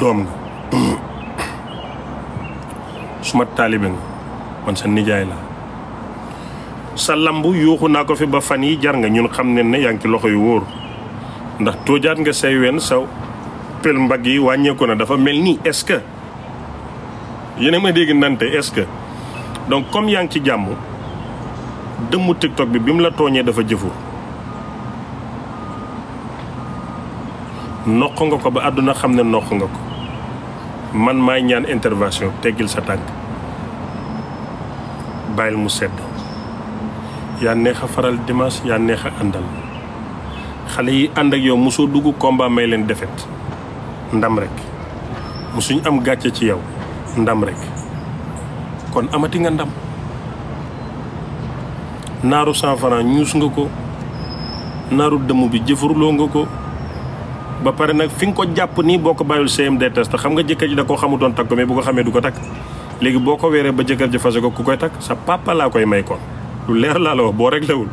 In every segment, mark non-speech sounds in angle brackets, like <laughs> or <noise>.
doom nga suma taalibe nga man sa nijaay la sa lamb yuuxu naa ko fi ba fan yi jar nga ñun xam ne ne yaa ngi ci loxo yu wóor ndax toojaat nga say wen saw pel mbagg yi wàññeeku na dafa mel nii est-ce que yéen a ma dégg nante est-ce que donc comme yaa ngi ci jàmm dëmmu TikTok bi bi mu la tooñee dafa jëfu noq nga ko ba àdduna xam ne noq nga ko man maay ñaan intervention teggil sa tànk bàyyil mu sedd yaa neex faral dimanche yaa neex a àndal xale yi ànd ak yow mosoo dugg combat may leen defet ndam rek suñ am gàcce ci yow ndam rekk kon amati nga ndam naaru cent franc ñuus nga ko naaru dëmm bi jëfaruloo nga ko ba pare nag fi nga ko jàpp nii boo ko bàyyul CMD test xam nga jëkkër ji da ko xamutoon takk ko mais bu ko xamee du ko takk léegi boo ko weeree ba jëkkër ji fase ko ku koy takk sa papa laa koy may kon lu leer laa la wax boo réglewul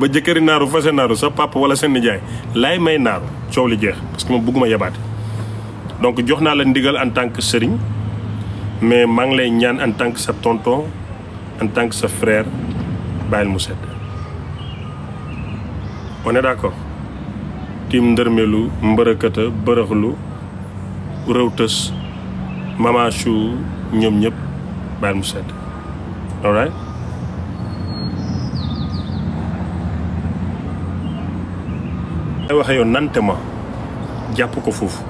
ba jëkkëri naaru fase naaru sa papa wala seen nijaay laay may naaru coow li jeex parce que moom bëgguma yabaate donc jox naa la ndigal en tant que sëriñ mais maa ngi lay ñaan en tant sa tonto en tant sa frère bàyyil mu sedd on est d'accord tim ndërmelu mbërëkëta bërëxlu rëw tës ñoom ñëpp baal mu sedd all right ay waxe nante ma jàpp ko foofu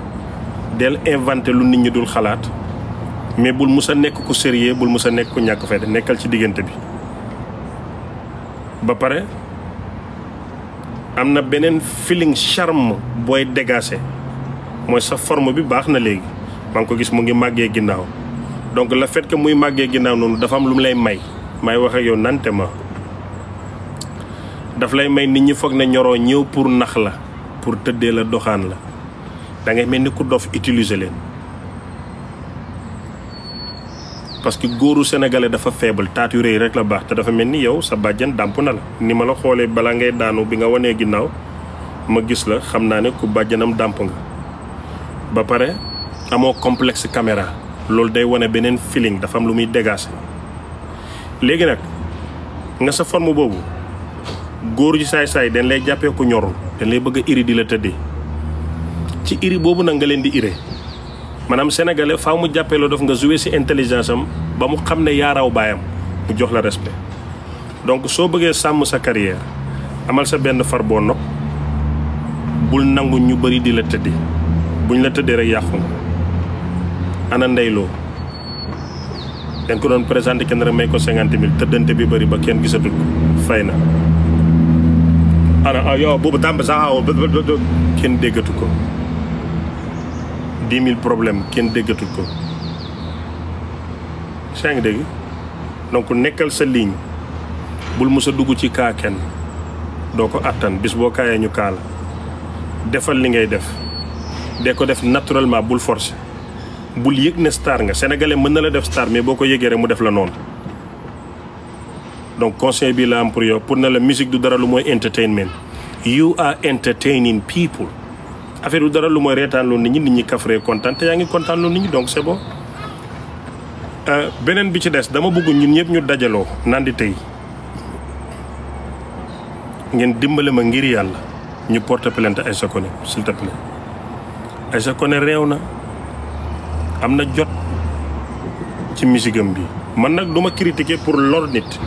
del inventé lu nit ñi dul xalaat mais bul musa nekk ku sérieux bul musa a nekk ku ñàkk fayda nekkal ci diggante bi ba pare am na beneen feeling charme booy dégagé mooy sa forme bi baax na léegi maa ngi ko gis mu ngi màggee ginnaaw donc la fait muy màggee ginnaaw noonu dafa am lu mu lay may may wax ak yow nante ma daf lay may nit ñi foog ne ñoroo ñëw pour nax la pour tëddee la doxaan la da ngay mel ni ku dof utiliser leen parce que góoru sénégalais dafa faible taat yu rëy rek la baax te dafa mel ni yow sa bàjjan dàmp na la ni ma la xoolee balaa ngay daanu bi nga wanee ginnaaw ma gis la xam naa ne ku bàjjanam dàmp nga ba pare amoo complexe caméra loolu day wane beneen feeling dafa am lu muy dégager léegi nag nga sa forme boobu góor ji saay-saay dañ lay jàppee ku ñorul dañ lay bëgg a iri di la tëddee ci iri boobu nag nga leen di iree maanaam sénégalais faa mu jàppee la dof nga joué ci intelligence am ba mu xam ne yaa baayam mu jox la respect donc soo bëggee sàmm sa carrière amal sa benn far boo nopp bul nangu ñu bëri di la tëddi buñ la tëddee rek yàqu nga ana ndeyloo dañ ko doon présenté kenn rek may ko cinquante mille tëddante bi bëri ba kenn gisatul ko fay na ana ah, yow boobu tàmb sax ah, oh, kenn déggatu ko dix mille problèmes kenn déggatul ko saa ngi dégg donc nekkal sa ligne bul mës a dugg ci kaa kenn doo ko attan bis boo kaayee ñu kaa la defal li ngay def de ko def naturellement bul force bul yëg ne star nga sénégalais mën na la def star mais boo ko yëgee rek mu def la noonu donc conseil bi la am pour na la musique du dara lu mooy entertainment you are entertaining people affaire bi dara lu mooy reetaan loolu nit ñi nit ñi kafree kontaan te yaa ngi kontaan loolu nit ñi donc c'est euh, beneen bi ci des dama bëgg ñun ñëpp ñu dajaloo naan di tey ngeen dimbale ma ngir yàlla ñu porte plainte Aïssa kone s'il te plaît Aïssa Koné réew na am na jot ci misigam bi man nag du ma critiquer pour lor nit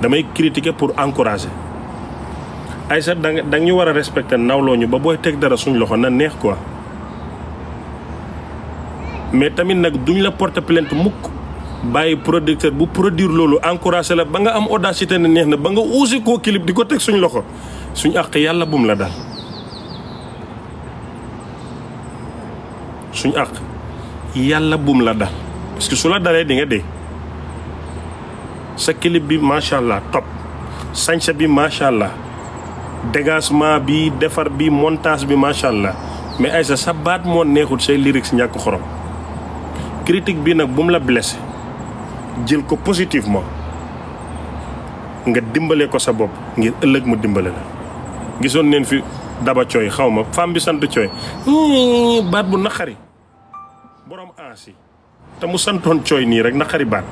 damay critiquer pour encourager Aïssa da nga ñu war a respecté nawloo ñu ba booy teg dara suñ loxo na neex quoi mais tamit nag duñ la porter plainte mukk bàyyi producteur bu produire loolu encouragé la ba nga am audacité ne neex na ba nga uusi koo clip di ko teg suñ loxo suñ àq yàlla bum la daal suñ àq yàlla bum la dal parce su la dalee di nga dee sa clip bi macha allah top sañsa bi macha allah. dégagement bi defar bi montage bi macha allah mais Aïssa sa baat moo neexul say lyrics ñàkk xorom critique bi nag bu mu la blessé jël ko positivement nga dimbale ko sa bopp ngir ëllëg mu dimbale la gisoon neen fi daba cooy xaw ma femme bi sant cooy hmm, baat bu naqari borom ansi te mu santoon cooy nii rek naqari baat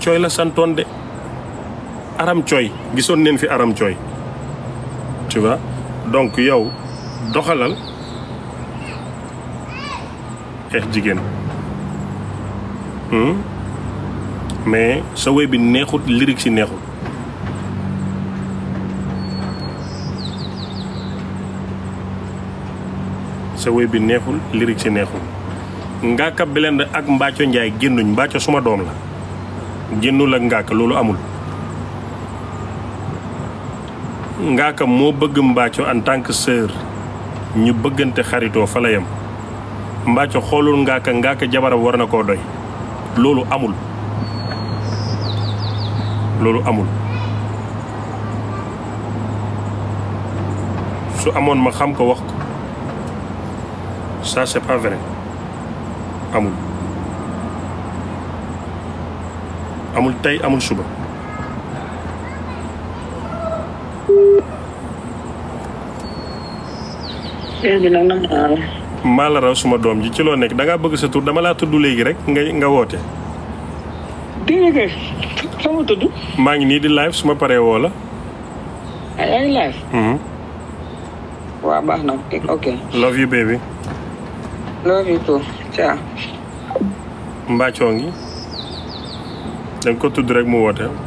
cooy la santoon de aram cooy gisoon neen fi aram cooy tu donc yow doxalal xeex eh, jigéen hmm? mais sa woy bi neexut lyrique si neexut sa bi neexul lyrique si neexul Ngaaka Blindé ak Mbathio Ndiaye génnuñ Mbathio suma doom la génnul ak Ngaaka loolu amul Ngaaka moo bëgg Mbathio en tant que sœur ñu bëggante xaritoo fa la yem Mbathio xoolul Ngaaka Ngaaka jabaram war na koo doy loolu amul loolu amul su amoon ma xam ko wax ko ça c'est pas vrai amul amul tey amul suba maa la raw suma doom ji ci loo nekk dangaa bëgg sa tur dama laa tudd léegi rek nga nga woote. sama tudd. maa ngi nii di live suma paree woo la. ay ah, ay live. Mhm. ngi da ko tudd rek mu woote.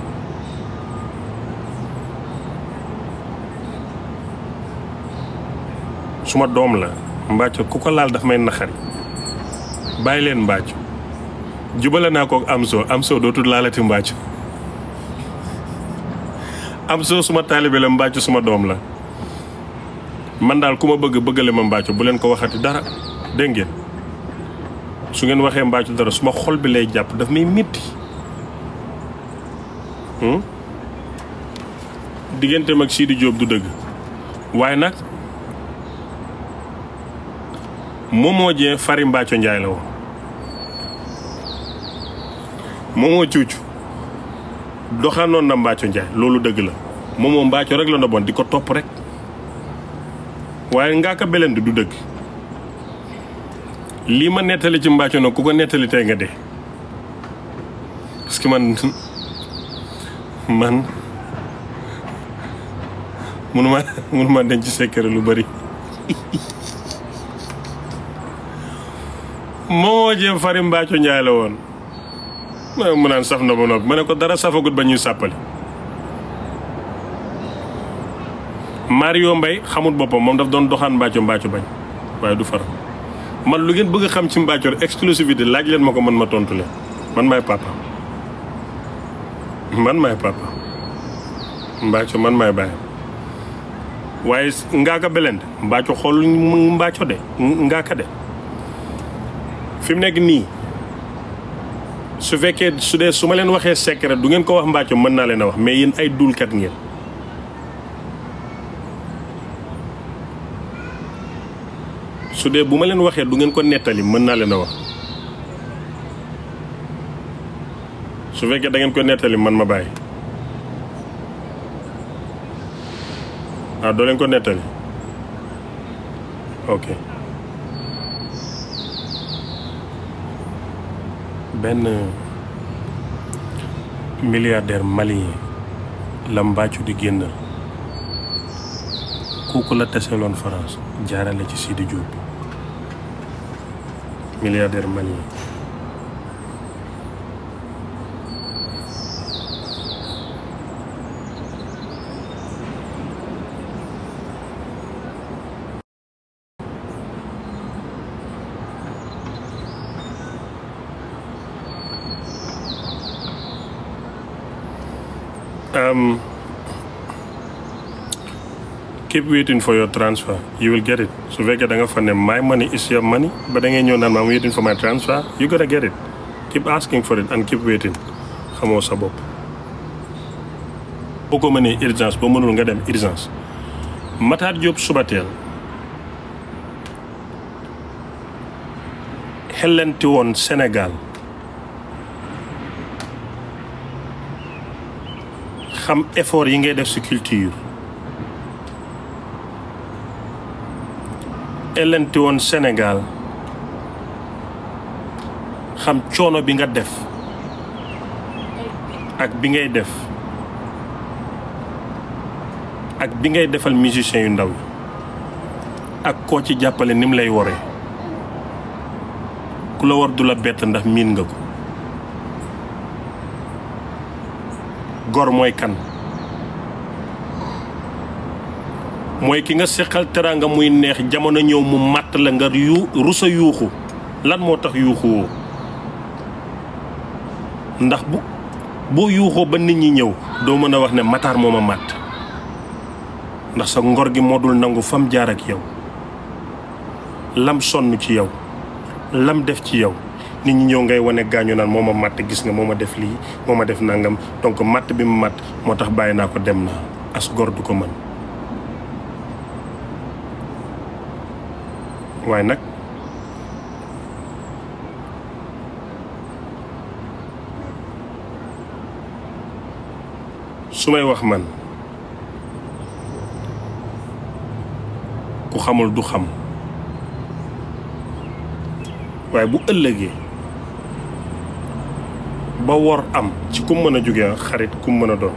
suma doom la mbàcc ku ko laal daf may naxari bàyyi leen mbàcco jubale naa kook am soo am soo dootul laalati mbàcco am soo suma taalibe la mbàcc suma doom la man daal ku ma bëgg bëggale ma mbàcco bu leen ko waxati dara dégg ngeen su ngeen waxee mbàcco dara suma xol bi lay jàpp daf may mitti hmm? digganteem ak Sidi Diop du dëgg waaye nag Momo Dieng Fary Mbathio Ndiaye la woon Momo cuucu doxaanoon na Mbathio Ndiaye loolu dëgg la Momo Mbathio rek la ndoboon di ko topp rek waaye Ngaaka Blindé du dëgg lii ma nettali ci Mbathio nag ku ko nettali tey nga dee parce que man man munuma <laughs> munuma denc secret lu bari <laughs> moomoo jéem fari mbaaco njaay la woon mu naan saf na ba noppi ma ne ko dara safagut ba ñuy sàppali Mario Mbaye xamut boppam moom daf doon doxaan mbaajo mbaaco bañ waaye du far man lu ngeen bëgg a xam ci mbaaco exclusivité laaj leen ma ko man ma tontu leen man may papa man maay man may bàyyi waaye ngaaka belend mbaaco xool mbaaco de ngaaka de fi nekk nii su fekkee su dee su ma leen waxee secret du ngeen ko wax mbàcco mën naa leen a wax mais yéen ay duulkat ngeen su dee bu ma leen waxee du ngeen ko nettali mën naa leen a wax su fekkee da ngeen ko nettali man ma bàyyi ah doo leen ko nettali ok benn milliardaire malien la mbàccu di génnal kooku la teseloon France jaarale ci Sidi Diop milliardaire malien Um, keep waiting for your transfer you will get it su fekkee da nga fa ne my money is your money ba da ngay ñëw naan ma am waiting for my transfer you gotta get it keep asking for it and keep waiting xamoo sa bopp. boo ko mënee urgence boo mënul nga dem urgence Matar Diop Subateel xelanti woon Sénégal. xam effort yi ngay def si culture ellanti woon Sénégal xam coono bi nga def ak bi ngay def ak bi ngay defal musiciens yu ndaw ak koo ci jàppale ni mu lay wore ku la war du la bett ndax miin nga ko gor mooy kan mooy ki nga seqal teraanga muy neex jamono ñëw mu màtt la nga yu rusa yuuxu lan moo tax yuuxuwoo ndax bu boo yuuxoo ba nit ñi ñëw doo mën a wax ne mataar mooma ma màtt ndax sa ngor gi moo dul nangu fam jaar ak yow lam sonn ci yow lam def ci yow nit ñi ñëw ngay wane gaañu naan moo ma matt gis nga moo ma def lii moo ma def nangam donc matt bi mu matt moo tax bàyyi naa ko dem naa as gor du ko mën waaye nag su may wax man ku xamul du xam waaye bu ëllëgee ba wor am ci kum mën a jóge xarit kum mën a doon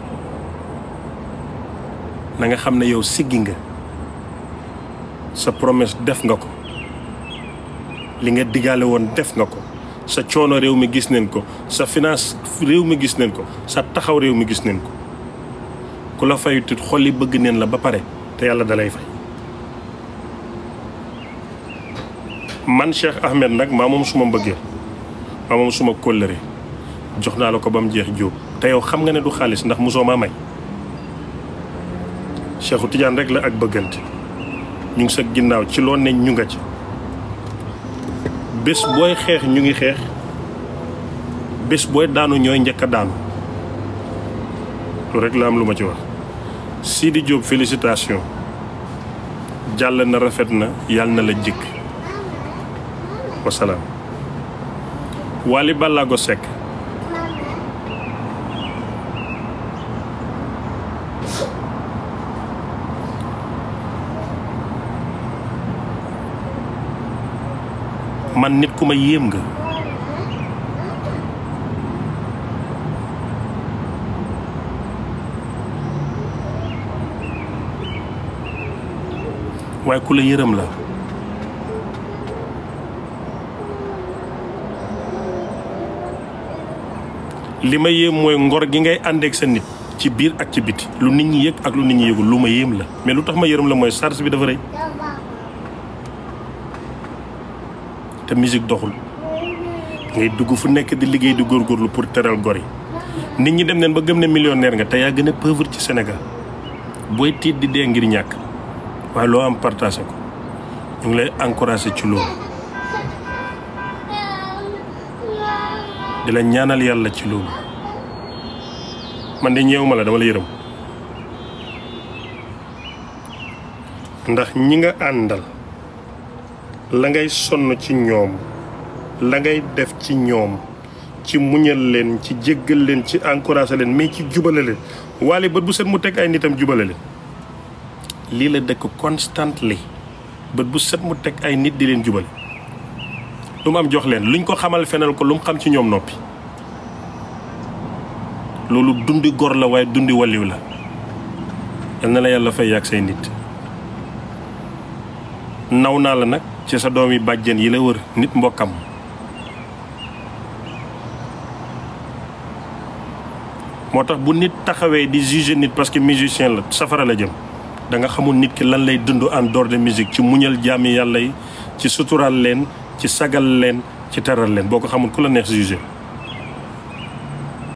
nanga xam ne yow siggi nga sa promes def nga ko li nga digaale woon def nga ko sa coono réew mi gis neen ko sa finance réew mi gis neen ko sa taxaw réew mi gis neen ko ku la fayutit xol yi bëgg neen la ba pare te yàlla dalay fay man Cheikh Ahmed nag maa moom suma mbëggeel maa moom suma kóllëre jox naa la ko ba mu jeex jóob te yow xam nga ne du xaalis ndax mosoo maa may Cheikhu Tidiane rek la ak bëggante ñu ngi sa ginnaaw ci loo ne ñu nga ci bés booy xeex ñu ngi xeex bés booy daanu ñooy njëkk a daanu lu rek la am lu ma ci wax Sidi Diop félicitation jàll na rafet na yàlla na la jikk wasalaam Wally Ballago Seck man nit ku ma yéem nga waaye ku la yërëm la li ma yéem mooy ngor gi ngay àndeek sa nit ci biir ak ci biti lu nit ñi yëg ak lu nit ñi yëgul lu ma yéem la mais lu tax ma yërëm la mooy charge bi dafa rëy te musique doxul ngay dugg fu nekk di liggéey di góorgóorlu pour teral gor yi nit ñi dem neen ba gëm ne millionnaire nga tey yaa gën a pauvre ci senegal booy tiit di dee ngir ñàkk waaye loo am partagé ko ñu ngi lay encouragé ci loolu di la ñaanal yàlla ci loolu man de ñeewuma la dama la yërëm ndax ñi nga àndal la ngay sonn ci ñoom la ngay def ci ñoom ci muñal leen ci jéggal leen ci encouragé leen mais ci jubale leen waale bët bu set mu teg ay nitam jubale leen lii la dëkk constantly bët bu set mu teg ay nit di leen jubale lu mu am jox leen luñ ko xamal fenal ko lu mu xam ci ñoom noppi loolu dundi gor la waaye dundi walliw la yal na la yàlla fa yàgg say nit naw naa la nag ci sa doom yi bàjjen yi la wër nit mbokkam moo tax bu nit taxawee di juger nit parce que musicien la safara la jëm danga nga xamul nit ki lan lay dund en dehors de musique ci muñal jaami yàlla ci sutural leen ci sagal leen ci teral leen boo ko xamul ku la neex juger